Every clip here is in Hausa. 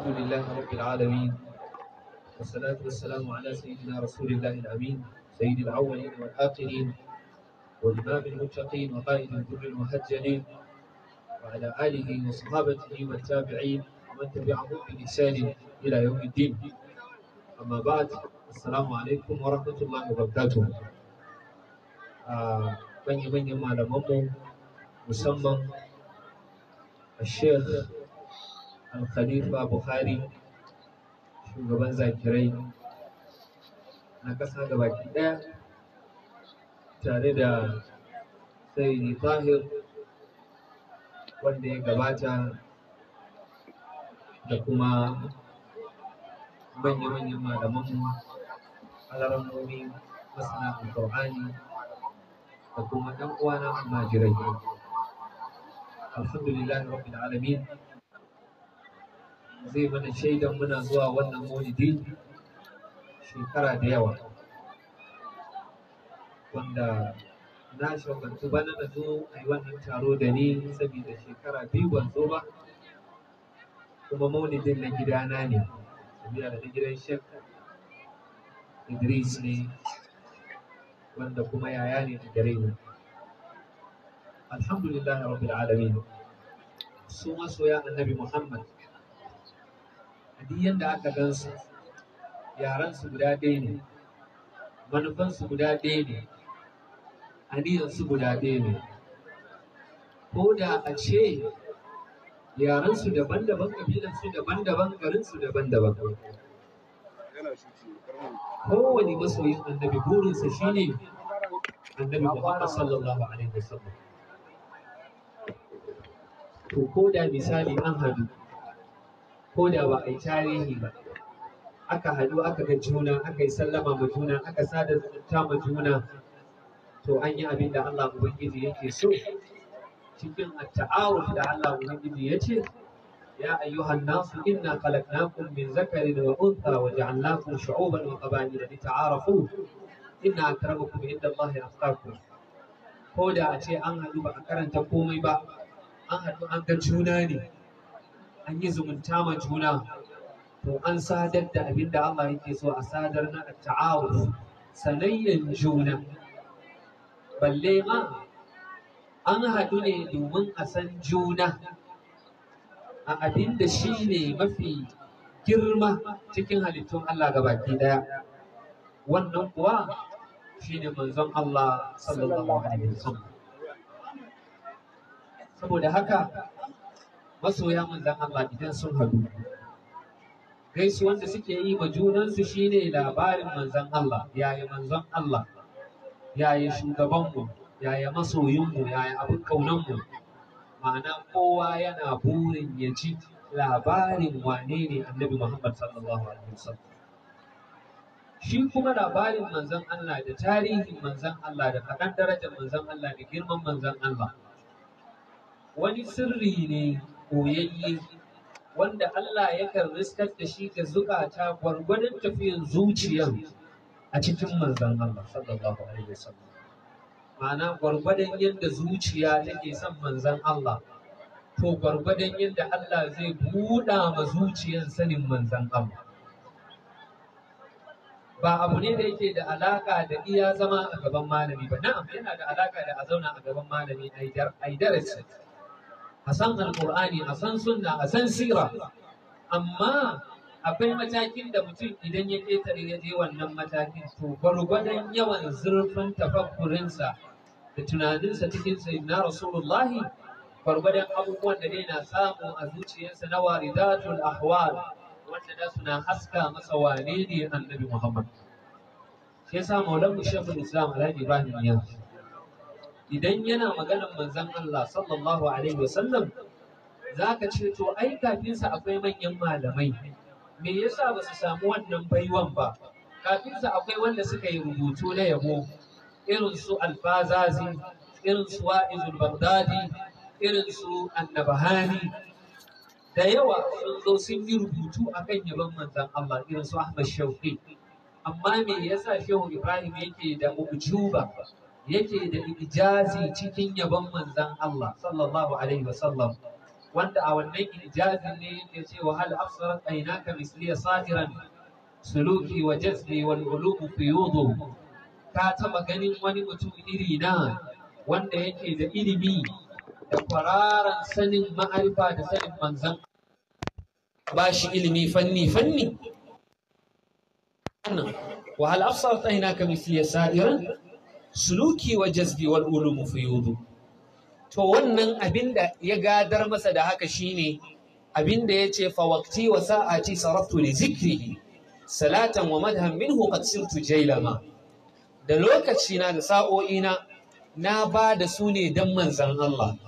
الحمد لله رب العالمين والصلاة والسلام على سيدنا رسول الله الأمين سيد الأولين والآخرين وإمام المتقين وقائد الذل المهجرين وعلى آله وصحابته والتابعين ومن تبعهم بلسان إلى يوم الدين أما بعد السلام عليكم ورحمة الله وبركاته من يمن يمال مصمم الشيخ Al-Khalifa Buhari shugaban zakirai na kasa da baki ɗaya tare da Sayyidi Tahir wanda ya gabata da kuma manya-manyan malamanmu alarammomi masana alƙur'ani da kuma ɗan uwana jirai alhamdulillahi rabbil alamin zai mana shaidan muna zuwa wannan maulidi shekara da yawa wanda na shaukantu bana na zo a yi wannan taro da ni saboda shekara biyu ban zo ba kuma maulidin na gidana ne saboda na gidan shekka idris ne wanda kuma yaya ne da gare ni alhamdulillah rabbil alamin su masoya annabi muhammad duk yadda aka gan su yaransu guda ɗaya ne manufansu guda ɗaya ne aniyansu guda ɗaya ne ko da a ce yaransu daban-daban kabilansu daban-daban garinsu daban-daban kowane masoyin annabi burinsa shi ne annabi muhammad sallallahu alaihi wasallam to ko da misali an hadu ko da ba a yi tarihi ba aka haɗu aka ga juna aka yi sallama ma juna aka sada zumunta ma juna to an yi abin da Allah Ubangiji yake so cikin ta'awun da Allah Ubangiji ya ce ya ayyuhan nasu inna khalaqnakum min zakarin wa untha wa ja'alnakum shu'uban wa qaba'ila ta'arafu inna akramakum inda Allah atqakum ko da a ce an haɗu ba a karanta komai ba an haɗu an ga juna ne an yi zumunta ma juna to an sadar da abin da Allah yake so a sadar na ta'awun sanayyan juna balle ma an haɗu ne domin a san juna a abin da shi ne mafi girma cikin halittun Allah gabaki ɗaya wannan kuwa shi ne manzon Allah sallallahu alaihi wasallam saboda haka masoya manzan Allah idan sun haɗu gaisuwan da suke yi ma junansu shine labarin manzan Allah yaya manzan Allah yaya shugabanmu yaya masoyinmu yaya abin kaunanmu ma'ana kowa yana burin ya ci labarin wane ne annabi Muhammad sallallahu alaihi wasallam shi kuma labarin manzan Allah da tarihin manzan Allah da kaɗan darajar manzan Allah da girman manzan Allah wani sirri ne koyayye wanda Allah yakan riskar da shi da zukata gwargwadon tafiyan zuciyar a cikin manzan Allah sallallahu alaihi wasallam ma'ana gwargwadon yadda zuciya take son manzan Allah to gwargwadon yadda Allah zai buɗa ma zuciyar sanin manzan Allah ba abu ne da yake da alaka da iya zama a gaban malami ba na'am yana da alaka da a zauna a gaban malami a darasi a san alkur'ani a san sunna a san sira amma akwai matakin da mutum idan ya ƙetare ya je wannan matakin to gwargwadon yawan zurfin tafakkurinsa da tunaninsa cikin sayyidina rasulullahi gwargwadon abubuwan da dai na samu a zuciyarsa na waridatul ahwal wanda da suna haska masa wane ne annabi muhammad shi yasa maulan mu shekul islam alhaji ibrahim yanzu idan yana maganar manzon Allah sallallahu alaihi wasallam za ka ce to ai kafinsa akwai manyan malamai me yasa ba su samu wannan baiwan ba kafinsa akwai wanda suka yi rubutu na yabo irin su alfazazi irin su wa'izul bagdadi irin su annabahani da yawa sun zo sun yi rubutu akan yabon manzon Allah irin su Ahmad Shauki amma me yasa Shehu Ibrahim yake da ujuba yake da ijazi cikin yabon manzan Allah sallallahu alaihi wa sallam, wanda a wannan ijazin ne yake cewa hal absarat aynaka misliya sa'iran suluki wa jazmi wal ulumu fiyudu ka taba ganin wani mutum iri na wanda yake da ilimi da kwararan sanin ma'arifa da sanin manzan ba shi ilimi fanni fanni wannan wa hal absarat aynaka misliya sa'iran suluki wa jazbi wal ulumu fuyudu to wannan abin da ya gadar masa da haka shine abin da ya ce fa waqti wa sa'ati saraftu li zikrihi salatan wa madhan minhu qad sirtu jailama da lokaci na da sa'o'i na na ba da su ne dan manzan Allah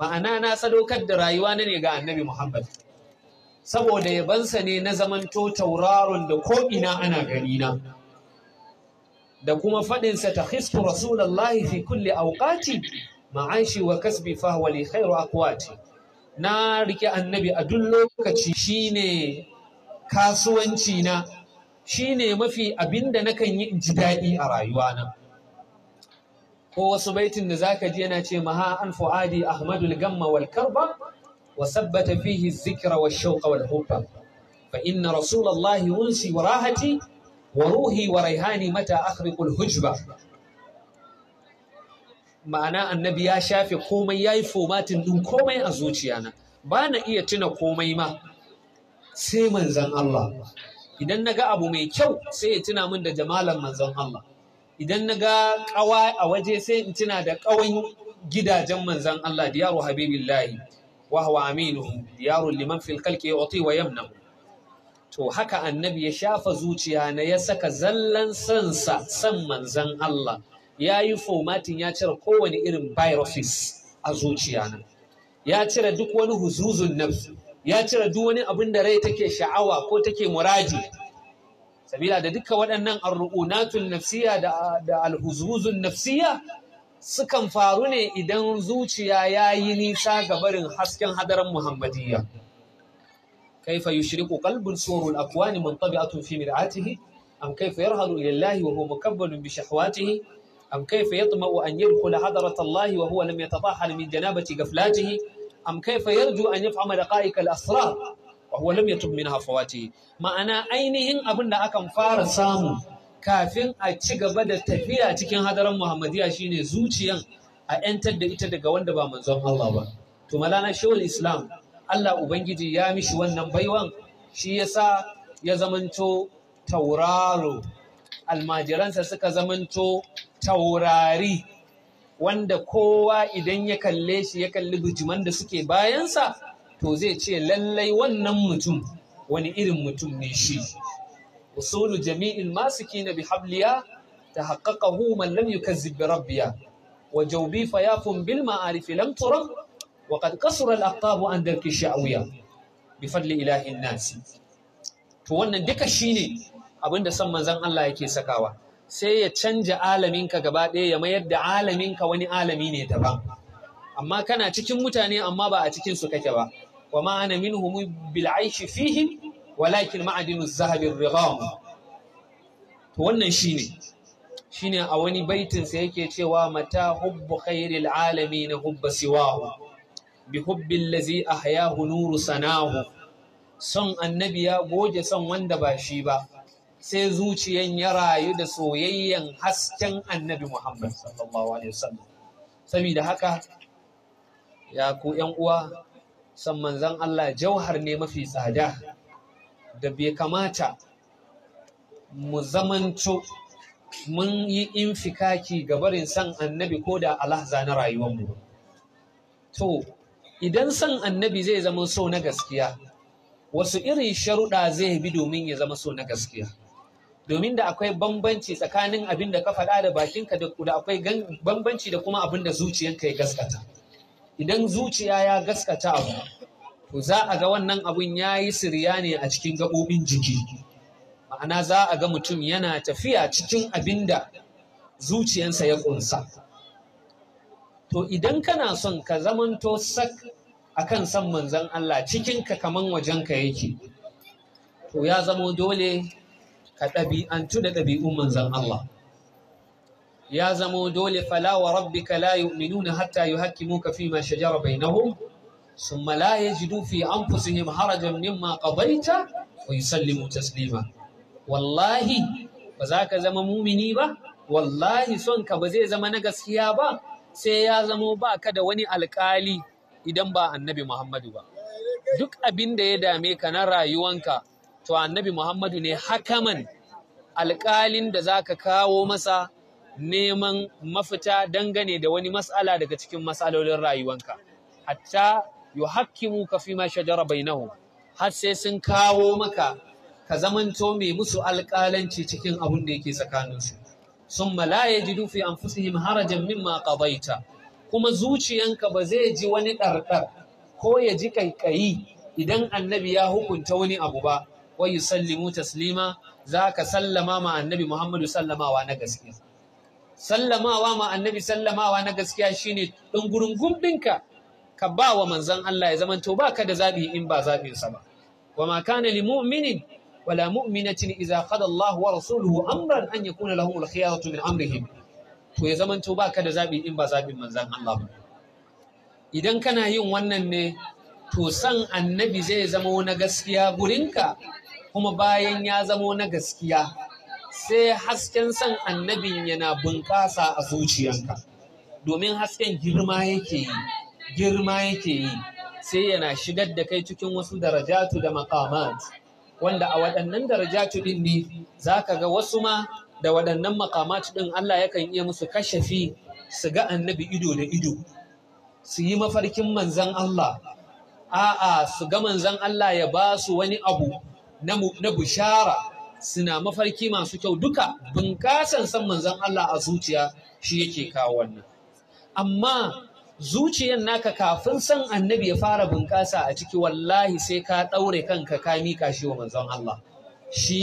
ma'ana na sadaukar da rayuwa na ne ga annabi Muhammad saboda yabansa ne na zamanto tauraron da ko ina ana gani na da kuma faɗinsa ta hisku rasulallahi fi kulli auqati ma'aishi wa kasbi fahwa khairu akwati na rike annabi a duk lokaci shine kasuwanci na shine mafi abinda nakan yi ji daɗi a rayuwa na ko wasu baitin da zaka ji yana ce maha an fuadi ahmadul gamma wal karba wa sabbata fihi zikra wa shauqa wal hubba fa inna rasulallahi unsi wa rahati wa ruhi wa raihani mata akhriqul hujba ma'ana annabi ya shafe komai yayi fomatin ɗin komai a zuciyana ba na iya tuna komai ma sai manzon Allah idan naga abu mai kyau sai ya tuna min da jamalan manzon Allah idan naga ƙawa a waje sai in tuna da ƙawan gidajen manzon Allah diyaru habibillahi wa huwa aminuhu diyaru liman fil khalqi wa yamnahu to haka annabi ya shafa zuciya na ya saka zallan sansa san manzan Allah ya yi fomatin ya cire kowane irin viruses a zuciya na ya cire duk wani huzuzun nafsu ya cire duk wani abin da rai take sha'awa ko take muradi sabila da duka waɗannan arru'unatul nafsiya da da alhuzuzun nafsiya sukan faru ne idan zuciya ya yi nisa ga barin hasken hadaran muhammadiyya كيف يشرق قلب صور الأكوان منطبعة في مرآته أم كيف يرهل إلى الله وهو مكبل بشهواته أم كيف يطمع أن يدخل حضرة الله وهو لم يتطاحن من جنابة غفلاته أم كيف يرجو أن يفهم دقائق الأسرار وهو لم يتب منها فواته ما أنا أينهن أبن أكم فار سامو kafin a ci gaba da tafiya cikin hadaran Muhammadiyya shine zuciyan a 'yantar da ita daga wanda ba manzon Allah ba. To malana shawul Islam Allah Ubangiji ya mishi wannan baiwan shi yasa ya zamanto tauraro almajiransa suka zamanto taurari wanda kowa idan ya kalle shi ya kalli bijiman da suke bayansa to zai ce lallai wannan mutum wani irin mutum ne shi usulu jami'in masiki na bihabliya ta haƙaƙahu man lam yukazzib rabbiya wa jawbi fayafun bil ma'arifi lam turab وقد قصر الأقطاب عن درك الشعوية بفضل إله الناس to wannan duka shine abinda san manzon Allah yake sakawa sai ya canza alaminka gaba ɗaya ya mayar da alaminka wani alami ne daban amma kana cikin mutane amma ba a cikin su kake ba wa ma ana minhum bil aishi fihim walakin ma'adinu zahabin righam to wannan shine shine a wani baitin sa yake cewa mata hubbu khairil na hubba siwahu bi lazi lazi hayahu nuru sanahu son annabi ya goge son wanda ba shi ba sai zuciyan ya rayu da soyayyen hasken annabi Muhammad sallallahu alaihi wasallam saboda haka ya ku yan uwa san manzon Allah jauhar ne mafi tsada da bai kamata mu zamanto mun yi infikaki ga barin san annabi ko da alahza na rayuwar mu. to idan son annabi zai zama so na gaskiya wasu irin sharuɗa zai bi domin ya zama so na gaskiya domin da akwai bambanci tsakanin abin da ka faɗa da bakinka da akwai bambanci da kuma abin da zuciyanka ya gaskata idan zuciya ya gaskata abu to za a ga wannan abin ya yi siriya ne a cikin gaɓoɓin jiki ma'ana za a ga mutum yana tafiya cikin abin da zuciyansa ya ƙunsa to idan kana son ka zamanto sak a kan san manzan Allah cikinka kaman wajenka yake to ya zamo dole ka ɗabi'antu da ɗabi'un manzan Allah ya zamo dole fala wa rabbika la yu'minuna hatta yuhakkimuka fi ma shajara bainahum thumma la yajidu fi anfusihim harajan mimma qadaita wa yusallimu taslima wallahi ba za ka zama mumini ba wallahi son ka ba zai zama na gaskiya ba sai ya zamo ba ka da wani alkali idan ba annabi Muhammadu ba. Duk abin da ya dame ka na rayuwanka, to annabi Muhammadu ne hakaman alkalin da za ka kawo masa neman mafita dangane da wani matsala daga cikin matsalolin rayuwanka. Hatta yu hakkimu ka fi ma shajara bainahu har sai sun kawo maka ka zamanto mai musu alkalanci cikin abin da yake tsakaninsu. ji la an fi anfusihim harajan min qadaita kuma zuciyanka ba zai ji wani ɗarɗar ko ya ji ƙaiƙayi idan annabi ya hukunta wani abu ba wa sallimu taslima zaka sallama ma annabi Muhammadu sallamawa na gaskiya sallamawa ma annabi sallamawa na gaskiya shine ɗin gumbinka ka ba wa manzon Allah ya zamanto baka da zabi in ba zabinsa ba wa ma kana lil mu'minin ولا مؤمنة إذا قضى الله ورسوله أمرا أن يكون لهم الخيارة من أمرهم to ya zaman to baka da zabi in ba manzan Allah ba idan kana yin wannan ne to san annabi zai zamo na gaskiya gurinka kuma bayan ya zamo na gaskiya sai hasken san annabin yana bunƙasa a zuciyanka domin hasken girma yake yi girma yake yi sai yana shigar da kai cikin wasu darajatu da maqamat wanda a waɗannan darajatu ɗin ne za ka ga wasu ma da waɗannan makamatu ɗin Allah yakan iya musu kashafi su ga annabi ido da ido su yi mafarkin manzan Allah a'a su ga manzan Allah ya ba su wani abu na bushara suna mafarki masu kyau duka bunƙasan san manzan Allah a zuciya shi yake kawo wannan amma zuciyar naka kafin san annabi ya fara bunƙasa a ciki wallahi sai ka ɗaure kanka ka mika shi wa manzon Allah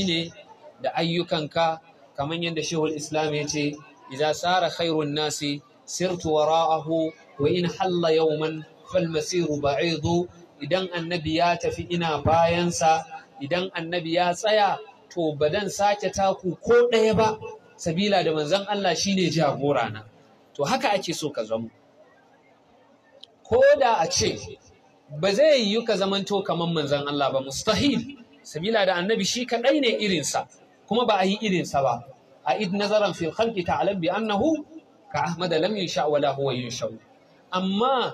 ne da ayyukanka kamar yadda shehul islam ya ce idza sara khairun nasi sirtu wara'ahu wa in halla yawman fal masiru ba'idu idan annabi ya tafi ina bayansa idan annabi ya tsaya to badan sake taku ko ɗaya ba sabila da manzon Allah shine jagora na to haka ake so ka zama ko da a ce ba zai yiwu ka zamanto kamar manzan Allah ba mustahil sabila da annabi shi kaɗai ne irinsa kuma ba a yi irinsa ba a id nazaran fil khalqi ta'lam bi annahu ka ahmad lam yunsha wala huwa yunsha amma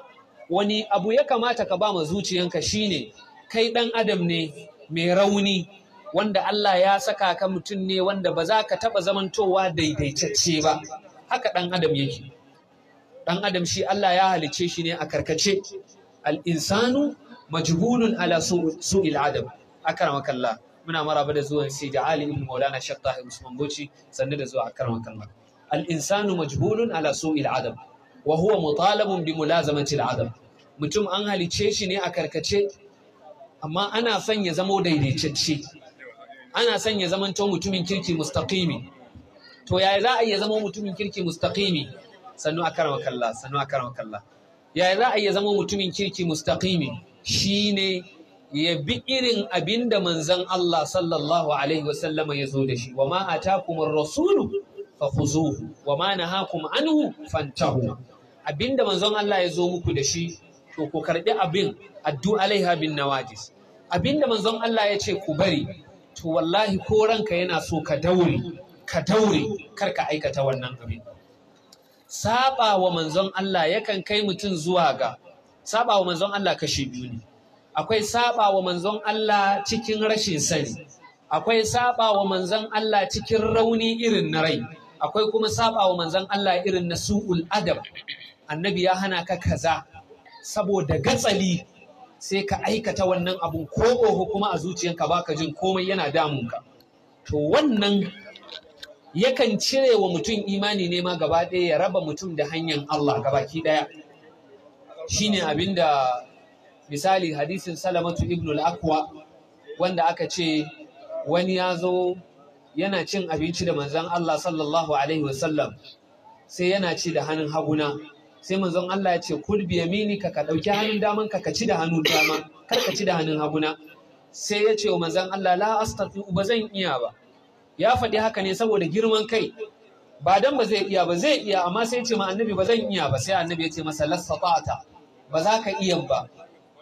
wani abu ya kamata ka ba ma zuciyanka shine kai ɗan adam ne mai rauni wanda Allah ya saka ka mutum ne wanda ba za ka taɓa zamantowa daidaitacce ba haka ɗan adam yake dan adam shi Allah ya halice shi ne a karkace Al'insanu insanu ala su'il adam karama kalla. muna maraba da zuwan da Ali ibn Maulana Sheikh Tahir Usman Bauchi sanne da zuwa a karama kalla. Al'insanu majbulun ala su'il adam wa huwa mutalabun bi mulazamati al-adam mutum an halice shi ne a karkace amma ana son ya zamo daidaitacce ana son ya zamanto mutumin kirki mustaqimi to yaya za a iya zama mutumin kirki mustaqimi sannu a karama kalla sannu a karama kalla yaya za a iya zama mutumin kirki mustaqimi shine ya bi irin abin da manzon Allah sallallahu alaihi wasallama ya zo da shi wa ma atakumur rasulu fakhuzuhu wa ma nahakum anhu fantahu abinda manzon Allah ya zo muku da shi to ku karbi abin addu alaiha bin nawajis abinda manzon Allah ya ce ku bari to wallahi ko ranka yana so ka daure ka daure kar ka aikata wannan abin saba wa manzon Allah yakan kai mutum zuwa ga saba wa manzon Allah kashi biyu ne akwai saba wa manzon Allah cikin rashin sani akwai saba wa manzon Allah cikin rauni irin na rai akwai kuma saba wa manzon Allah irin na su'ul adab annabi ya hana ka kaza saboda gatsali sai ka aikata wannan abun ko oho kuma a zuciyanka baka jin komai yana damunka to wannan yakan cire wa mutum imani ne ma gaba ɗaya ya raba mutum da hanyar Allah gabaki ɗaya Shi shine abinda misali hadisin salamatu ibn al-akwa wanda aka ce wani ya zo yana cin abinci da manzan Allah sallallahu alaihi wasallam sai yana ci da hannun haguna sai manzon Allah ya ce kul bi yaminika ka dauki hannun daman ka ka ci da hannun dama kar ka ci da hannun haguna sai ya ce wa manzon Allah la astati ba zan iya ba ya faɗi haka ne saboda girman kai ba dan ba zai iya ba zai iya amma sai ce ma annabi ba zan iya ba sai annabi ya ce masa lasfata ba za ka iya ba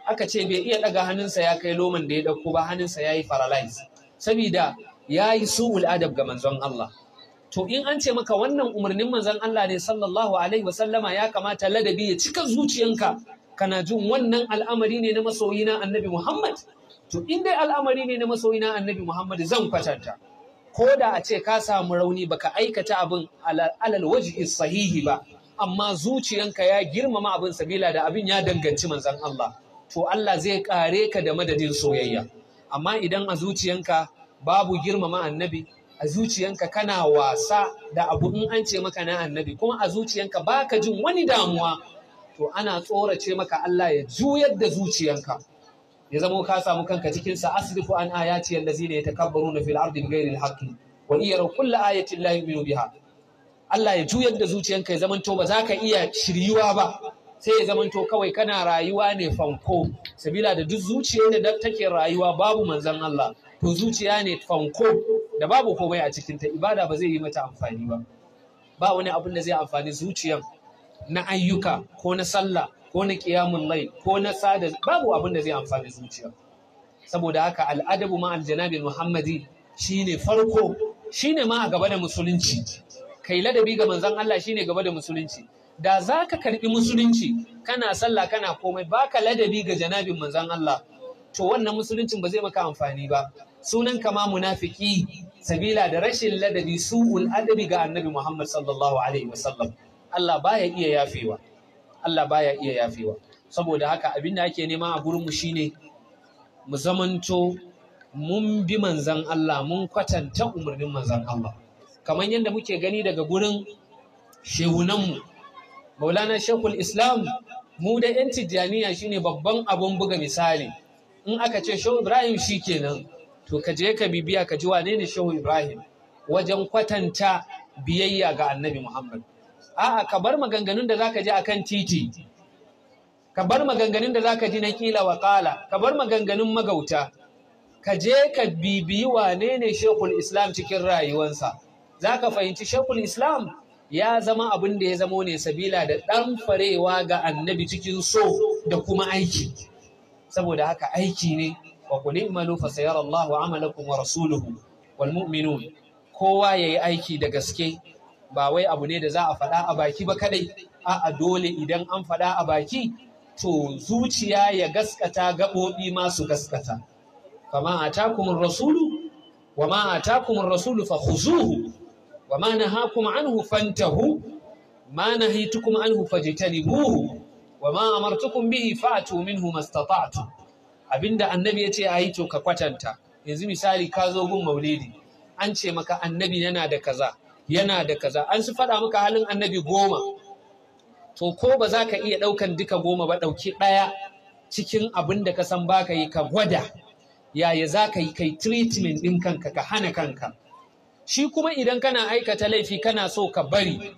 aka ce bai iya daga hannunsa ya kai loman da ya dauko ba hannunsa ya yi paralyze saboda ya yi su'ul adab ga manzon Allah to in an ce maka wannan umarnin manzon Allah ne sallallahu alaihi wasallama ya kamata ladabi ya cika zuciyanka kana jin wannan al'amari ne na masoyina annabi Muhammad to in dai al'amari ne na masoyina annabi Muhammad zan kwatanta ko da a ce ka samu rauni baka aikata abin alal wajhi sahihi ba amma zuciyanka ya girmama abin sabila da abin ya danganci manzon Allah to Allah zai kare ka da madadin soyayya amma idan a zuciyanka babu girmama annabi a zuciyanka kana wasa da abu in an ce maka na annabi kuma a zuciyanka baka jin wani damuwa to ana tsorace maka Allah ya juyar da zuciyanka ya zama ka samu kanka cikin sa asrifu an ayati allazina yatakabbaruna fil ardi bighairi alhaqqi wa iyara kullu ayatin la yu'minu biha Allah ya juyar da zuciyanka ya zamanto ba za ka iya shiryuwa ba sai ya zamanto kawai kana rayuwa ne fanko sabila da duk zuciyar da take rayuwa babu manzon Allah to zuciya ne fanko da babu komai a cikin ta ibada ba zai yi mata amfani ba ba wani abin da zai amfani zuciyan na ayyuka ko na sallah ko na ƙiyamun lai, ko na sada babu abin da zai amfani zuciya saboda haka al'adabu ma aljanabi muhammadi shine farko shine ma a gaba da musulunci kai ladabi ga manzon Allah shine gaba da musulunci da za ka karɓi musulunci kana sallah kana komai baka ladabi ga janabin manzon Allah to wannan musuluncin ba zai maka amfani ba sunan kama munafiki sabila da rashin ladabi su'ul adabi ga annabi Muhammad sallallahu alaihi wasallam Allah baya iya yafewa Allah baya iya yafewa saboda haka abin da ake nema a gurinmu shine mu zamanto mun bi manzan Allah mun kwatanta umarnin manzan Allah kamar yadda muke gani daga gurin shehunanmu maulana shekul islam mu da yan tijjaniya shine babban abun buga misali in aka ce shehu ibrahim shi kenan to ka je ka bibiya ka ji wane ne shehu ibrahim wajen kwatanta biyayya ga annabi muhammad a'a ka bar maganganun da zaka ji akan titi ka bar maganganun da zaka ji na kila wa kala ka bar maganganun magauta ka je ka bibiyi wane ne shekul islam cikin rayuwarsa zaka fahimci shekul islam ya zama abin da ya zamo ne sabila da ɗan farewa ga annabi cikin so da kuma aiki saboda haka aiki ne wa ma malu fa sayar Allah wa amalakum wa rasuluhu wal mu'minun kowa yayi aiki da gaske ba wai abu ne da za a faɗa a baki ba kadai a'a dole idan an faɗa a baki to zuciya ya gaskata gaɓoɓi masu gaskata fama atakumur rasulu wa ma atakumur rasulu fa khuzuhu wa ma nahakum anhu fantahu ma nahitukum anhu fajtanibuhu wa ma amartukum bihi fa'tu hu, mastata'tum abinda annabi yace ayi to ka kwatanta yanzu misali ka zo gun maulidi an ce maka annabi yana da kaza yana da kaza an su faɗa maka halin annabi goma to ko ba za ka iya ɗaukan duka goma ba ɗauki ɗaya cikin abin da ka san ba ka yi ka gwada yaya za ka yi kai treatment ɗin kanka ka hana kanka shi kuma idan kana aikata laifi kana so ka bari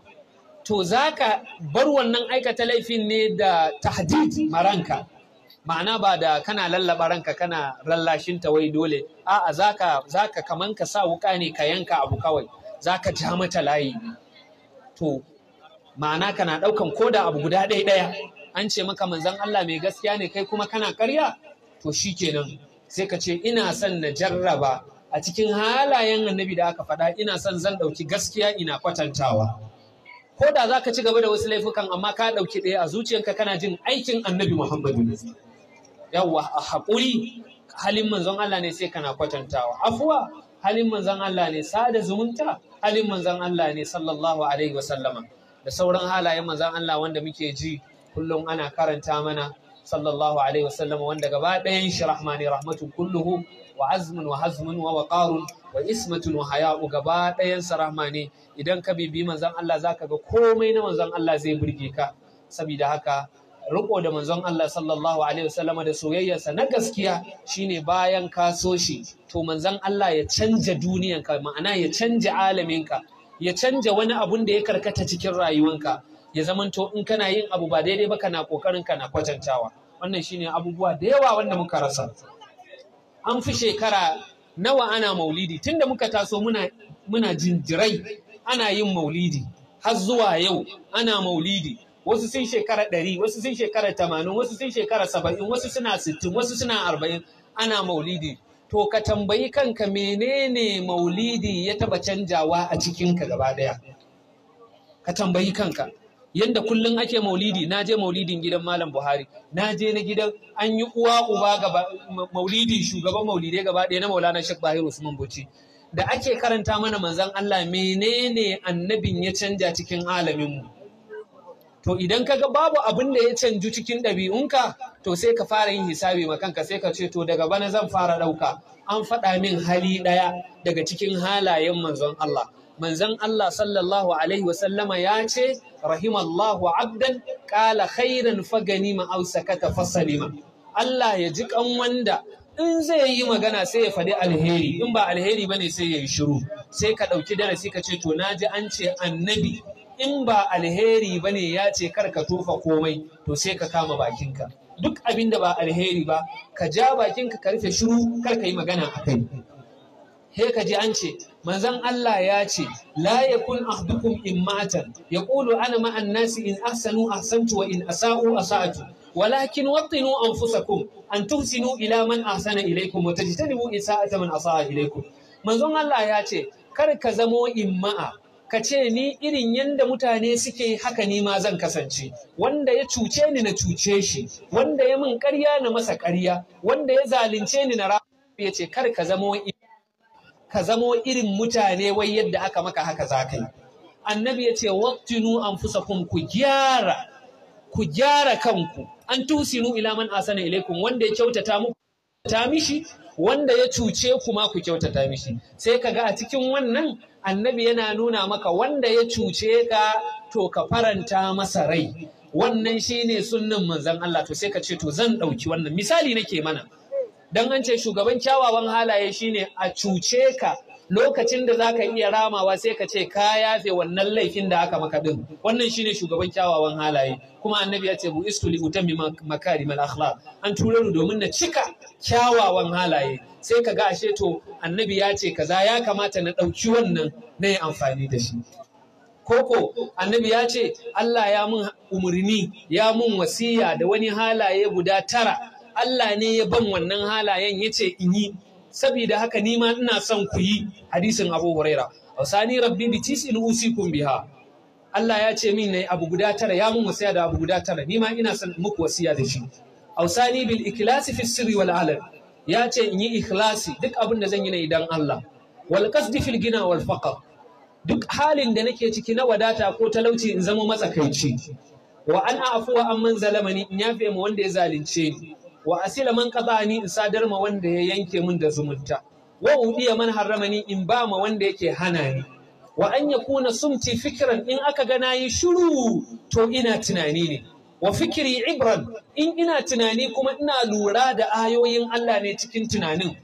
to za ka bar wannan aikata laifin ne da tahdid maranka ma'ana ba da kana lallaba ranka kana rallashin wai dole a'a za ka kaman ka sa wuka ne ka yanka abu kawai za ka ja mata layi to ma'ana kana ɗaukan koda abu guda ɗaya ɗaya an ce maka manzan Allah mai gaskiya ne kai kuma kana karya to shi kenan sai ka ce ina son na jarraba a cikin halayen annabi da aka faɗa ina son zan ɗauki gaskiya ina kwatantawa ko da za ka ci gaba da wasu laifukan amma ka ɗauki ɗaya a zuciyarka kana jin aikin annabi muhammadu yawwa a haƙuri halin manzon Allah ne sai kana kwatantawa afuwa halin manzon Allah ne sada zumunta halin manzan Allah ne sallallahu alaihi wasallama da sauran halayen manzan Allah wanda muke ji kullum ana karanta mana sallallahu alaihi wasallama wanda gaba ɗayan shi rahmani rahmatun kulluhu wa azmun wa hazmun wa waqarun wa ismatun wa haya'u gaba ɗayan sa rahmani idan ka bibi manzan Allah zaka ga komai na manzan Allah zai burge ka saboda haka riko da manzon Allah sallallahu alaihi wasallama da soyayyarsa na gaskiya shine bayan ka so shi to manzon Allah ya canja duniyanka ma'ana ya canja alaminka ya canja wani abun da ya karkata cikin rayuwanka ya zamanto in kana yin abu ba daidai ba kana kokarin kana kwatantawa wannan shine abubuwa da yawa wanda muka rasa an fi shekara nawa ana maulidi tunda muka taso muna muna jinjirai ana yin maulidi har zuwa yau ana maulidi wasu sun shekara ɗari wasu sun shekara tamanin wasu sun shekara saba'in wasu suna sittin wasu suna arba'in ana maulidi to ka tambayi kanka menene maulidi ya taba canjawa a cikinka gaba ɗaya ka tambayi kanka yadda kullum ake maulidi na je maulidin gidan malam buhari na je na gidan an yi uwa uba gaba maulidi shugaban maulidai gaba ɗaya na maulana shek bahiru usman bauchi da ake karanta mana manzan allah menene annabin ya canja cikin alaminmu to idan ka ga babu abin da ya canju cikin ɗabi'unka to sai ka fara yin hisabi ma kanka sai ka ce to daga bana zan fara ɗauka an faɗa min hali ɗaya daga cikin halayen manzon Allah manzon Allah sallallahu alaihi wasallama ya ce rahimallahu abdan qala khairan fagani ma aw sakata salima. Allah ya ji kan wanda in zai yi magana sai ya faɗi alheri in ba alheri ba ne sai ya yi shiru sai ka ɗauki darasi ka ce to naji an ce annabi in ba alheri ba ne ya ce kar ka tofa komai to sai ka kama bakinka duk abin da ba alheri ba ka ja bakinka ka rufe shiru kar ka yi magana a kai he ka ji an ce manzon Allah ya ce la yakun ahdukum ya yaqulu ana ma'an nasi in ahsanu ahsantu wa in asa'u asa'tu ولكن وطنوا أنفسكم أن تحسنوا إلى من أحسن إليكم وتجتنبوا إساءة من أساء Allah ya ce kar ka zamo imma'a. ka ce ni irin yanda mutane suke haka ni ma zan kasance wanda ya cuce ni na cuce shi wanda ya min karya na masa karya, wanda ya zalunce ni na rafi ya ce kar ka zamo irin mutane wai yadda aka maka haka za ka yi annabi ya ce fusa kun ku gyara ku gyara kanku an tusinu ila man asana ilaikum wanda ya kyautata muku ta mishi wanda ya cuce kuma ku kyautata mishi sai ka ga a cikin wannan annabi yana nuna maka wanda ya cuce ka to ka faranta masa rai wannan shine sunnan manzon Allah to sai ka ce to zan ɗauki wannan misali nake mana dan an ce shugaban kyawawan halaye shine a cuce ka lokacin da za ka iya ramawa sai ka ce ka yafe wannan laifin da aka maka din wannan shine shugaban kyawawan halaye kuma annabi ya ce bu istu li utammi makarim al akhlaq an tura ni domin na cika kyawawan halaye sai ka ga ashe to annabi ya ce kaza ya kamata na ɗauki wannan na yi amfani da shi koko annabi ya ce Allah ya mun umarni ya mun wasiya da wani halaye guda tara Allah ne ya ban wannan halayen ya ce in yi saboda haka ni ma ina son ku yi hadisin Abu Huraira wasani rabbi bi tis'in usikum biha Allah ya ce min nayi abu guda tara ya mun wasiya da abu guda tara ni ma ina son muku wasiya da shi ausani bil ikhlasi fi sirri wal alam. ya ce in yi ikhlasi duk abin da zan yi na idan Allah wal qasdi fil gina wal faqr duk halin da nake ciki na wadata ko talauci in zama matsakaici wa an afuwa an manza zalamani in yafe mu wanda ya zalunce ni wa asila man qadani in sadar ma wanda ya yanke min da zumunta wa udiya man harramani in ba ma wanda yake hana ni wa an yakuna sumti fikran in aka ga nayi shiru to ina tunani ne wa fikri ibran in ina tunani kuma ina lura da ayoyin Allah ne cikin tunanin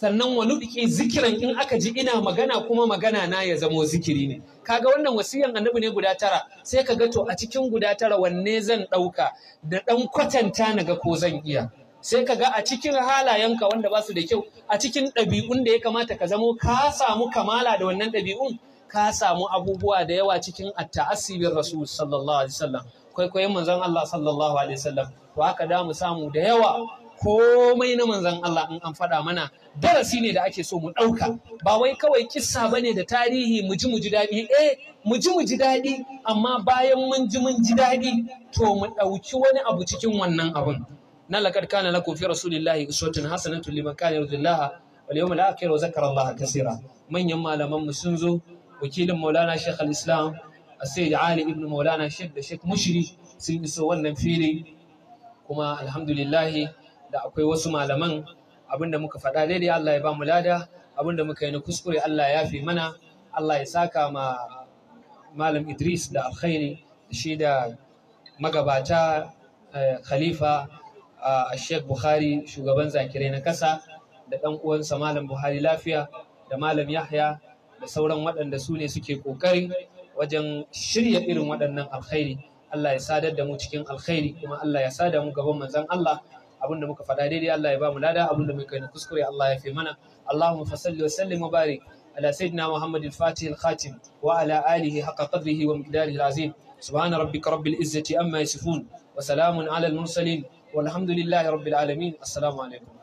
sannan wani biki zikiran in aka ji ina magana kuma magana na ya zamo zikiri ne kaga wannan wasiyan annabi ne guda tara sai ka ga to a cikin guda tara wanne zan ɗauka da ɗan kwatanta na ga ko zan iya sai ka ga a cikin halayenka wanda ba su da kyau a cikin ɗabi'un da ya kamata ka zamo ka samu kamala da wannan ɗabi'un ka samu abubuwa da yawa cikin asibin rasul sallallahu alaihi wasallam kwaikwayon manzon Allah sallallahu alaihi wasallam to haka da mu samu da yawa komai na manzan Allah in an faɗa mana darasi ne da ake so mu ɗauka ba wai kawai kissa ba ne da tarihi mu ji mu ji daɗi eh mu ji mu ji daɗi amma bayan mun ji mun ji daɗi to mu ɗauki wani abu cikin wannan abun na laqad kana lakum fi rasulillahi uswatun hasanatun liman kana yarjullaha wal yawmal akhir wa zakara Allah kaseera manyan malaman mu sun zo wakilin Maulana Sheikh al-Islam Sayyid Ali ibnu Maulana Sheikh da Sheikh mushiri sun iso wannan filin. kuma alhamdulillahi da akwai wasu malaman abinda muka faɗa daidai Allah ya ba mu lada abinda muka yi na kuskure Allah ya yafe mana Allah ya saka ma malam Idris da alkhairi shi da magabata eh, khalifa a eh, Sheikh Bukhari shugaban zakirai na kasa da ɗan uwansa malam Buhari lafiya da malam Yahya da sauran waɗanda su ne suke ƙoƙarin wajen shirya irin waɗannan alkhairi Allah ya sadar da mu cikin alkhairi kuma Allah ya da mu gaban manzon Allah abin da muka faɗa daidai Allah ya ba mu lada abin da muka yi kuskure Allah ya fi mana Allahumma fa salli wa sallim wa barik ala sayyidina Muhammad al-Fatih al-Khatim wa ala alihi haqqa qadrihi wa miqdarihi al-azim subhana rabbika rabbil izzati amma yasifun wa salamun alal al-mursalin والحمد لله رب alamin. السلام عليكم